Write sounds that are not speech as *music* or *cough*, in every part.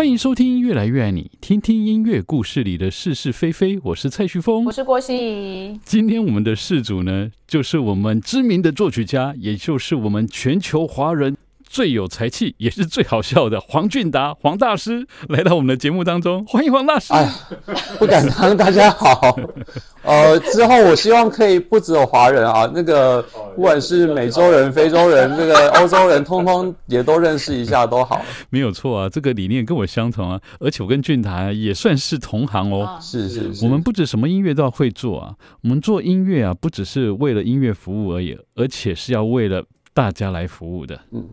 歡迎收聽《樂來越愛你》，聽聽音樂故事裡的是是非非。我是蔡旭峰，我是郭心怡。今天我們的事主呢，就是我們知名的作曲家，也就是我們全球華人。最有才氣也是最好笑的黃俊達黃大師來到我們的節目當中，歡迎黃大師！哎，不敢當，大家好。 *laughs* 呃，之後我希望可以不只有華人啊，那個不管是美洲人、非洲人、那個歐洲人， *laughs* 通通也都認識一下都好。沒有錯啊，這個理念跟我相同啊，而且我跟俊達也算是同行哦。啊、是是是，我們不止什麼音樂都要會做啊，我們做音樂啊，不只是為了音樂服務而已，而且是要為了大家來服務的，嗯，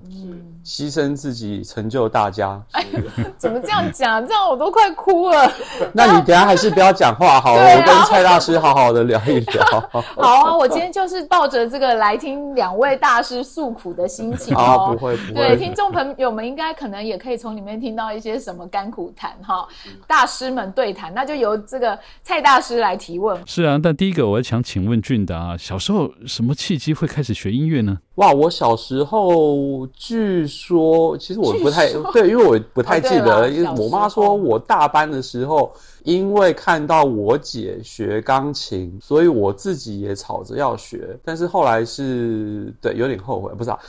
犧牲自己成就大家。哎， *laughs* 怎麼這樣講？這樣我都快哭了。 *laughs* 後那你等下還是不要講話好了， *laughs* 啊、我跟蔡大師好好的聊一聊。 *laughs* 好啊，我今天就是抱着這個來聽兩位大師訴苦的心情哦 *laughs* 好、啊。不會，不會。 *laughs* 對，聽眾朋友們應該可能也可以從裡面聽到一些什麼甘苦談哈、哦，大師們對談。那就由這個蔡大師來提問。是啊，但第一個我要想請問俊達、啊，小時候什麼契機會開始學音樂呢？哇，我小時候據說，其實我不太說對，因為我不太記得。啊、因為我媽說我大班的時候，因為看到我姐學鋼琴，所以我自己也吵着要學。但是後來是，對，有點後悔，不是啊？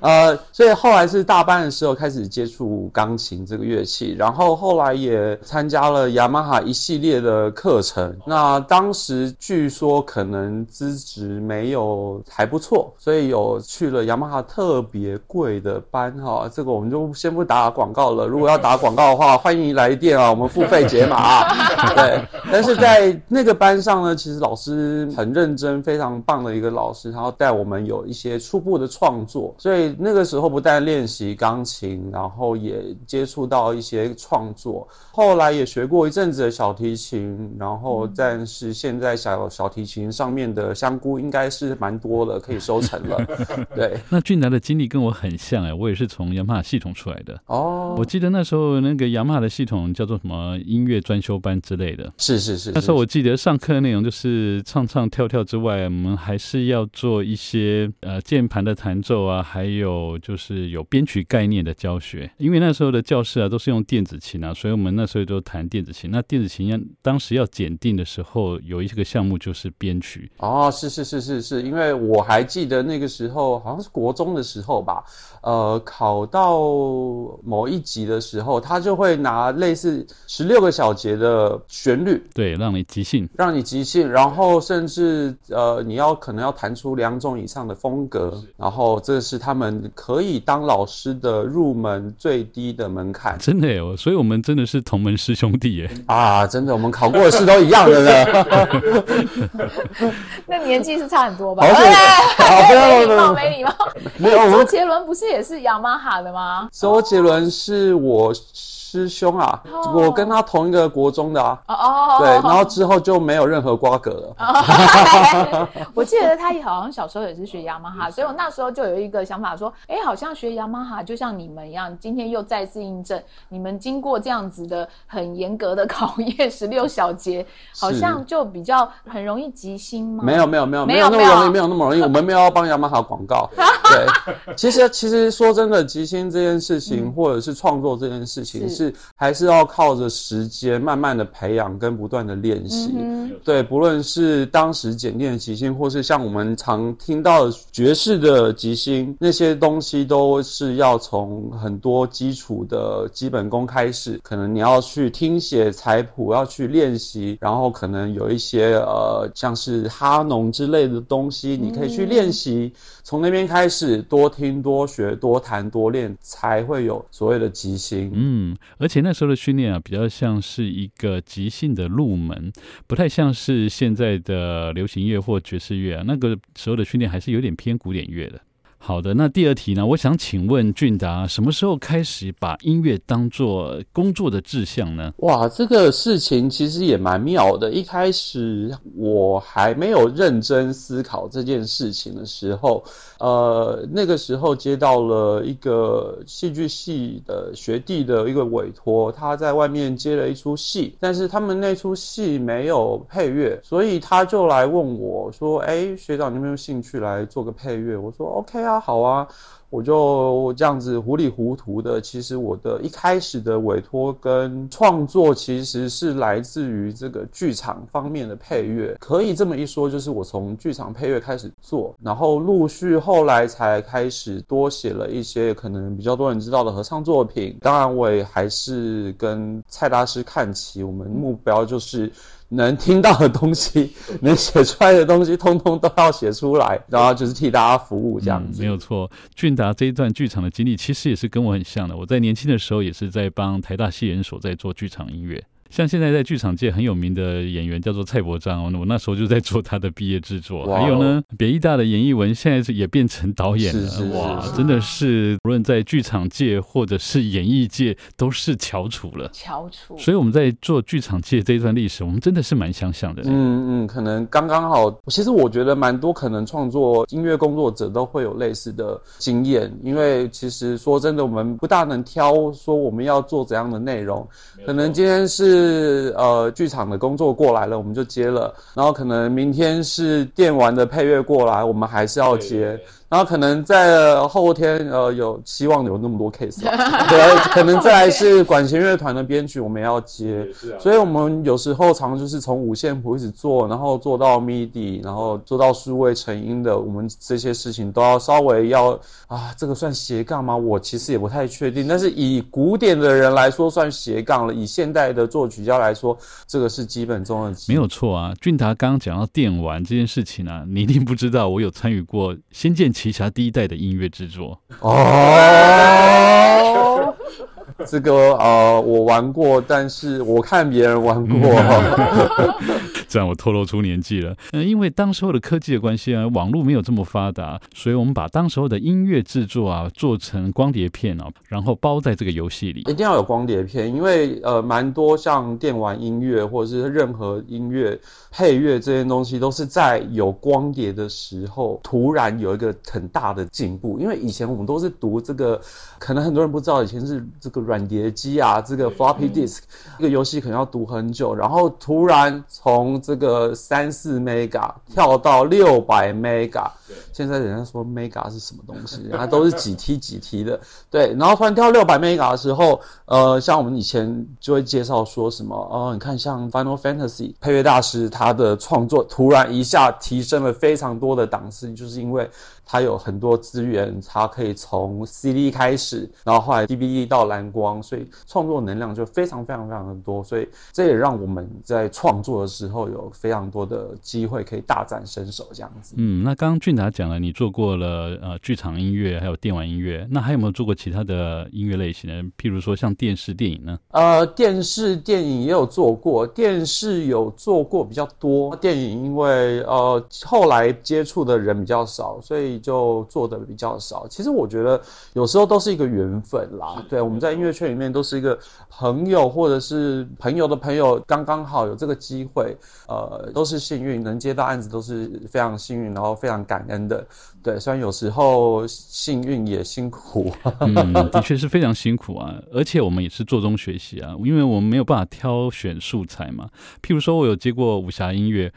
呃，所以後來是大班的時候開始接觸鋼琴這個樂器，然後後來也參加了雅馬哈一系列的課程。那當時據說可能資質沒有還不錯。所以有去了雅馬哈特別貴的班哈，這個我們就先不打廣告了。如果要打廣告的話，歡迎來電啊，我們付費解碼。 *laughs* 對，但是在那個班上呢，其實老師很認真，非常棒的一個老師，他要帶我們有一些初步的創作。所以那個時候不但練習鋼琴，然後也接觸到一些創作。後來也學過一陣子的小提琴，然後但是現在小小提琴上面的香菇應該是蠻多的，可以收了，對。 *laughs* *laughs* 那俊達的經歷跟我很像哎，我也是從 Yamaha 系統出來的哦。我記得那時候那個 Yamaha 的系統叫做什麼音樂專修班之類的。是是是。那時候我記得上課的內容就是唱唱跳跳之外，我們還是要做一些呃鍵盤的彈奏啊，還有就是有編曲概念的教學。因為那時候的教室啊都是用電子琴啊，所以我們那時候都彈電子琴。那電子琴要當時要檢定的時候，有一個項目就是編曲。哦，是是是是是是，因為我還記得。那個時候好像是國中的時候吧，呃，考到某一級的時候，他就會拿類似十六個小節的旋律，對，讓你即興，讓你即興，然後甚至呃，你要可能要彈出兩種以上的風格，是然後這是他們可以當老師的入門最低的門檻，真的耶，所以我們真的是同門師兄弟耶，啊，真的，我們考過的試都一樣的呢，那年紀是差很多吧？好是。 *laughs* 啊沒禮貌，沒禮貌。沒有。欸，沒有，周杰倫不是也是雅馬哈的嗎？周杰倫是我。師兄啊，我跟他同一個國中的啊，哦，對，然後之後就沒有任何瓜葛了。我記得他也好像小時候也是學雅馬哈，所以我那時候就有一個想法說，哎，好像學雅馬哈就像你們一樣。今天又再次印證，你們經過這樣子的很嚴格的考驗，十六小節好像就比較很容易即興嗎？沒有沒有沒有沒有沒有沒有沒有那麼容易，沒有那麼容易。我們沒有要幫雅馬哈廣告。對，其實其實說真的，即興這件事情或者是創作這件事情。是還是要靠着時間慢慢的培養跟不斷的練習，嗯哼。對，不論是當時簡練的即興，或是像我們常聽到的爵士的即興，那些東西都是要從很多基礎的基本功開始。可能你要去聽寫採譜，要去練習，然後可能有一些呃像是哈農之類的東西，你可以去練習。嗯、從那邊開始，多聽、多學、多彈多練，才會有所謂的即興。嗯。而且那時候的訓練啊，比較像是一個即興的入門，不太像是現在的流行樂或爵士樂啊，那個時候的訓練還是有點偏古典樂的。好的，那第二題呢？我想請問俊達，什麼時候開始把音樂當做工作的志向呢？哇，這個事情其實也蠻妙的。一開始我還沒有認真思考這件事情的時候，呃，那個時候接到了一個戲劇系的學弟的一個委托，他在外面接了一出戲，但是他們那出戲沒有配樂，所以他就來問我說：“哎，學長，你有沒有興趣來做個配樂？”我說：“OK 啊。”大家好啊，我就這樣子糊里糊塗的。其實我的一開始的委托跟創作，其實是來自於這個劇場方面的配樂。可以這麼一說，就是我從劇場配樂開始做，然後陸續後來才開始多寫了一些可能比較多人知道的合唱作品。當然，我也還是跟蔡大師看齊，我們目標就是。能聽到的東西，能寫出來的東西，通通都要寫出來，然後就是替大家服務這樣子。嗯，沒有錯，俊達這一段劇場的經歷，其實也是跟我很像的。我在年輕的時候，也是在幫台大戲研所在做劇場音樂。像現在在劇場界很有名的演員叫做蔡柏璋，我那時候就在做他的畢業制作。還有呢，北藝大的嚴藝文現在也變成導演了，哇，真的是無論在劇場界或者是演藝界都是翹楚了，翹楚。所以我們在做劇場界這一段歷史，我們真的是蠻相像的，欸嗯。嗯嗯，可能剛剛好，其實我覺得蠻多可能創作音樂工作者都會有類似的經驗，因為其實說真的，我們不大能挑說我們要做怎樣的內容，可能今天是。是呃，劇場的工作過來了，我們就接了。然後可能明天是電玩的配樂過來，我們還是要接。對對對。然後可能在後天，呃，有希望有那麼多 case，吧 *laughs* 對，可能再來是管絃樂團的編曲，我們也要接， *laughs* 所以，我們有時候常就是從五線譜一直做，然後做到 MIDI，然後做到數位成音的，我們這些事情都要稍微要啊，這個算斜槓嗎？我其實也不太確定，但是以古典的人來說算斜槓了，以現代的作曲家來說，這個是基本中的。沒有錯啊。俊達剛剛講到電玩這件事情呢、啊，你一定不知道，我有參與過《仙劍》。奇俠第一代的音樂製作哦。這個啊、呃，我玩過，但是我看別人玩過。嗯、 *laughs* 這樣我透露出年紀了。嗯、呃，因為當時候的科技的關係啊，網路沒有這麼發達，所以我們把當時候的音樂制作啊做成光碟片啊，然後包在這個遊戲裡。一定要有光碟片，因為呃，蠻多像電玩音樂或者是任何音樂配樂這些東西，都是在有光碟的時候突然有一個很大的進步。因為以前我們都是讀這個，可能很多人不知道，以前是這個。軟碟機啊，這個 floppy disk 這、嗯、個遊戲可能要讀很久，然後突然從這個三四 mega 跳到六百 mega。現在人家說 mega 是什麼東西，人家都是幾 T 幾 T 的， *laughs* 對，然後突然跳六百 mega 的時候，呃，像我們以前就會介紹說什麼，哦、呃，你看像 Final Fantasy 配樂大師他的創作突然一下提升了非常多的檔次，就是因為他有很多資源，他可以從 CD 開始，然後後來 DVD 到藍光，所以創作能量就非常非常非常的多，所以這也讓我們在創作的時候有非常多的機會可以大展身手，這樣子。嗯，那剛剛俊達講了，你做過了呃劇場音樂，還有電玩音樂，那還有沒有做過其他的音樂類型呢？譬如說像電視電影呢？呃，電視電影也有做過，電視有做過比較多，電影因為呃後來接觸的人比較少，所以就做的比較少。其實我覺得有時候都是一個緣分啦。是對，我們在。音樂圈裡面都是一個朋友，或者是朋友的朋友，剛剛好有這個機會，呃，都是幸運，能接到案子都是非常幸運，然後非常感恩的。對，雖然有時候幸運也辛苦，嗯， *laughs* 的確是非常辛苦啊，而且我們也是做中學習啊，因為我們沒有辦法挑選素材嘛。譬如說，我有接過武俠音樂。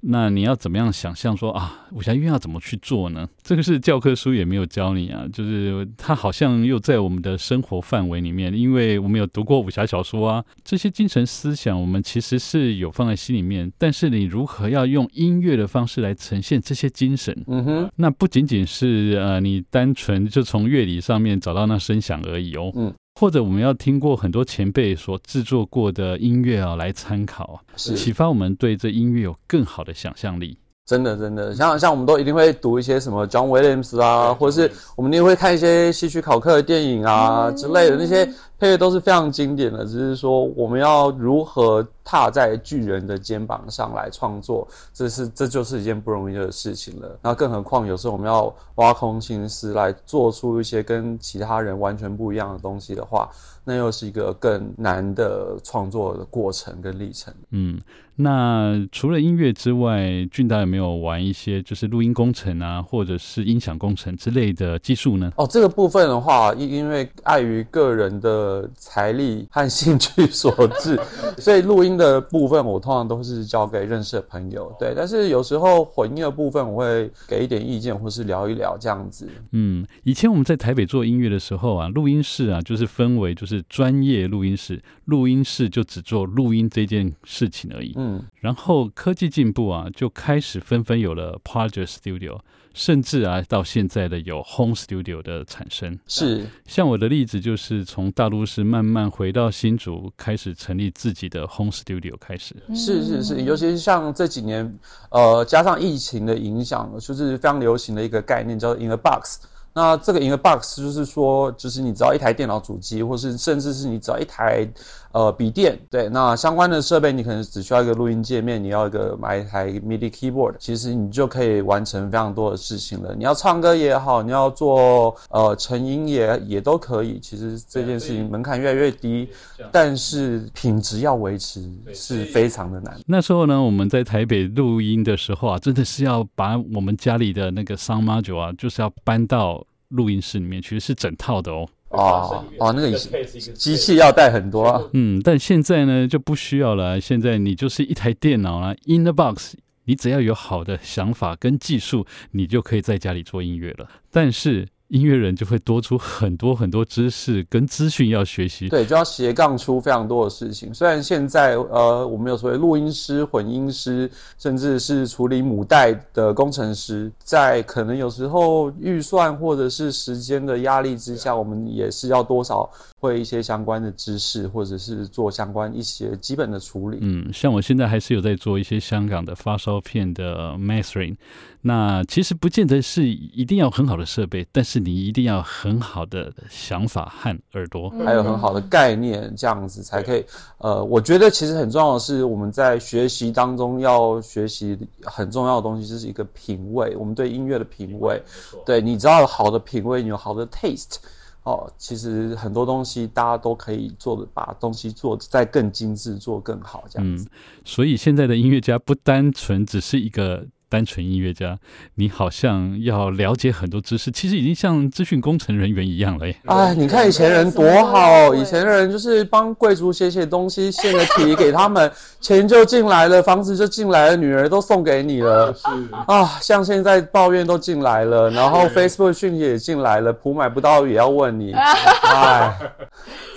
那你要怎麼樣想象說啊武俠音樂要怎麼去做呢？這個是教科書也沒有教你啊，就是它好像又在我們的生活範圍裡面，因為我們有讀過武俠小說啊，這些精神思想我們其實是有放在心裡面，但是你如何要用音樂的方式來呈現這些精神？嗯哼，那不僅僅是呃你單純就從樂理上面找到那聲響而已哦。嗯。或者我們要聽過很多前輩所製作過的音樂啊，來參考，是啟發我們對這音樂有更好的想象力。真的，真的，像像我們都一定會讀一些什麼 John Williams 啊，或者是我們一定會看一些希區考克的電影啊之類的那些。配樂都是非常經典的，只、就是說我們要如何踏在巨人的肩膀上來創作，這是這就是一件不容易的事情了。那更何況有時候我們要挖空心思來做出一些跟其他人完全不一樣的東西的話，那又是一個更難的創作的過程跟歷程。嗯，那除了音樂之外，俊達有沒有玩一些就是錄音工程啊，或者是音響工程之類的技術呢？哦，這個部分的話，因因為礙於個人的。呃，財力和興趣所致。所以錄音的部分我通常都是交給認識的朋友。對，但是有時候混音的部分我會給一點意見，或是聊一聊這樣子。嗯，以前我們在台北做音樂的時候啊，錄音室啊就是分為就是專業錄音室，錄音室就只做錄音這件事情而已。嗯，然後科技進步啊，就開始紛紛有了 Project Studio。甚至啊，到現在的有 Home Studio 的產生，是像我的例子，就是從大陸是慢慢回到新竹，開始成立自己的 Home Studio 開始。是是是，尤其是像這幾年，呃，加上疫情的影響，就是非常流行的一個概念，叫做 In the Box。那這個 in the box 就是說，就是你只要一台電腦主機，或是甚至是你只要一台，呃，筆電，對，那相關的設備你可能只需要一個錄音界面，你要一個買一台 MIDI keyboard，其實你就可以完成非常多的事情了。你要唱歌也好，你要做呃成音也也都可以。其實這件事情門檻越來越低，啊、但是品質要維持是非常的難。那時候呢，我們在台北錄音的時候啊，真的是要把我們家裡的那個 sound module 啊，就是要搬到。錄音室裡面其實是整套的哦。哦、嗯、哦，那個也是，機器要帶很多、啊。嗯，但現在呢就不需要了、啊。現在你就是一台電腦啦、啊、in the box，你只要有好的想法跟技術，你就可以在家裡做音樂了。但是。音樂人就會多出很多很多知識跟資訊要學習，對，就要斜槓出非常多的事情。雖然現在，呃，我們有所謂錄音師、混音師，甚至是處理母帶的工程師，在可能有時候預算或者是時間的壓力之下，我們也是要多少會一些相關的知識，或者是做相關一些基本的處理。嗯，像我現在還是有在做一些香港的發燒片的 mastering，那其實不見得是一定要很好的設備，但是。你一定要很好的想法和耳朵，還有很好的概念，這樣子才可以。呃，我覺得其實很重要的是，我們在學習當中要學習很重要的東西，就是一個品味。我們對音樂的品味，對，你只要有好的品味，你有好的 taste，哦，其實很多東西大家都可以做的，把東西做的再更精緻，做更好這樣子，嗯。所以現在的音樂家不單純只是一個。單純音樂家，你好像要了解很多知識，其實已經像資訊工程人員一樣了耶、欸。哎，你看以前人多好，以前人就是幫貴族寫寫東西，獻個題給他們， *laughs* 錢就進來了，房子就進來了，女兒都送給你了。 *laughs* 是。啊，像現在抱怨都進來了，然後 Facebook 訊息也進來了，譜買不到也要問你。 *laughs* 哎，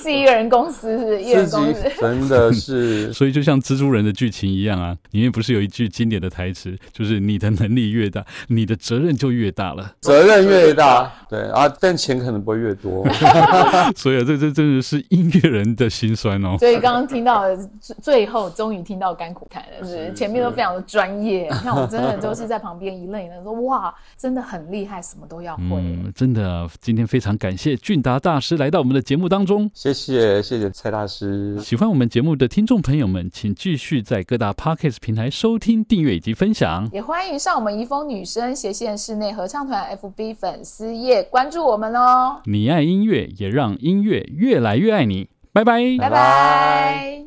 是一個人公司，我是一自己真的是， *laughs* 所以就像蜘蛛人的劇情一樣啊，裡面不是有一句經典的台詞，就是。你的能力越大，你的責任就越大了。責任越大，對，對，對，對，對啊，但錢可能不會越多。 *laughs* *laughs* 所以這這真的是音樂人的心酸哦。所以剛剛聽到最最後，終於聽到甘苦談了，是是，是是前面都非常的專業。那是是 我真的都是在旁邊一愣一愣的，說 *laughs* 哇，真的很厲害，什麼都要會、嗯。真的、啊，今天非常感謝俊達大師來到我們的節目當中。謝謝謝謝蔡大師。喜歡我們節目的聽眾朋友們，請繼續在各大 Podcast 平台收聽、訂閱以及分享。歡迎上我們宜豐女聲斜線室內合唱團 FB 粉絲頁關注我們哦！你愛音樂，也讓音樂越來越愛你。拜拜，拜拜。